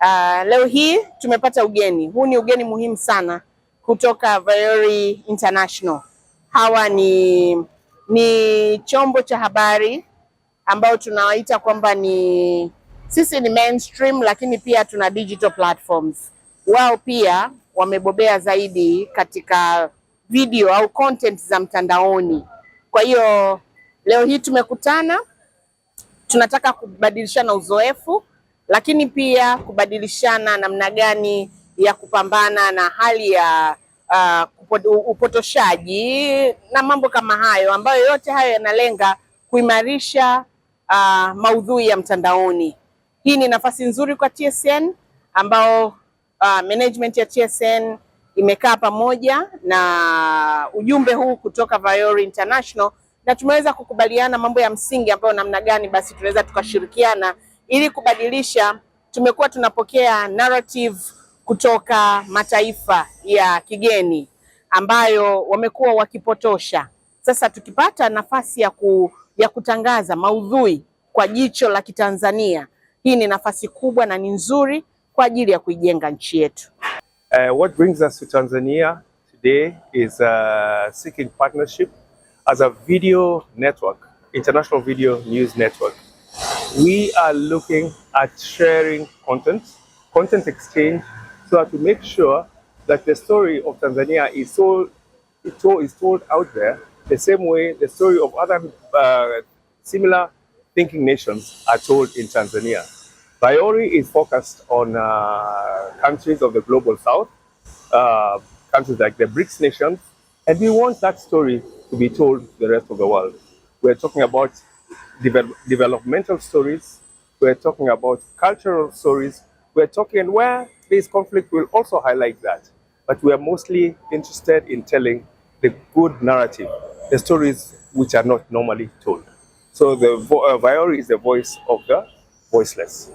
Uh, leo hii tumepata ugeni. Huu ni ugeni muhimu sana kutoka Viori International. Hawa ni ni chombo cha habari ambao tunawaita kwamba ni sisi ni mainstream, lakini pia tuna digital platforms. Wao pia wamebobea zaidi katika video au content za mtandaoni. Kwa hiyo leo hii tumekutana, tunataka kubadilishana uzoefu lakini pia kubadilishana namna gani ya kupambana na hali ya uh, upotoshaji na mambo kama hayo ambayo yote hayo yanalenga kuimarisha uh, maudhui ya mtandaoni. Hii ni nafasi nzuri kwa TSN ambao uh, management ya TSN imekaa pamoja na ujumbe huu kutoka Vayori International na tumeweza kukubaliana mambo ya msingi ambayo namna gani basi tunaweza tukashirikiana ili kubadilisha. Tumekuwa tunapokea narrative kutoka mataifa ya kigeni ambayo wamekuwa wakipotosha. Sasa tukipata nafasi ya, ku, ya kutangaza maudhui kwa jicho la Kitanzania, hii ni nafasi kubwa na ni nzuri kwa ajili ya kuijenga nchi yetu. Uh, what brings us to Tanzania today is uh, seeking partnership as a video network, international video news network. we are looking at sharing content, content exchange, so that we make sure that the story of Tanzania is told, told, is told out there the same way the story of other uh, similar thinking nations are told in Tanzania. Biori is focused on uh, countries of the global south, uh, countries like the BRICS nations, and we want that story to be told to the rest of the world. We're talking about developmental stories, we're talking about cultural stories, we're talking where this conflict will also highlight that. But we are mostly interested in telling the good narrative, the stories which are not normally told. So the uh, Viori is the voice of the voiceless.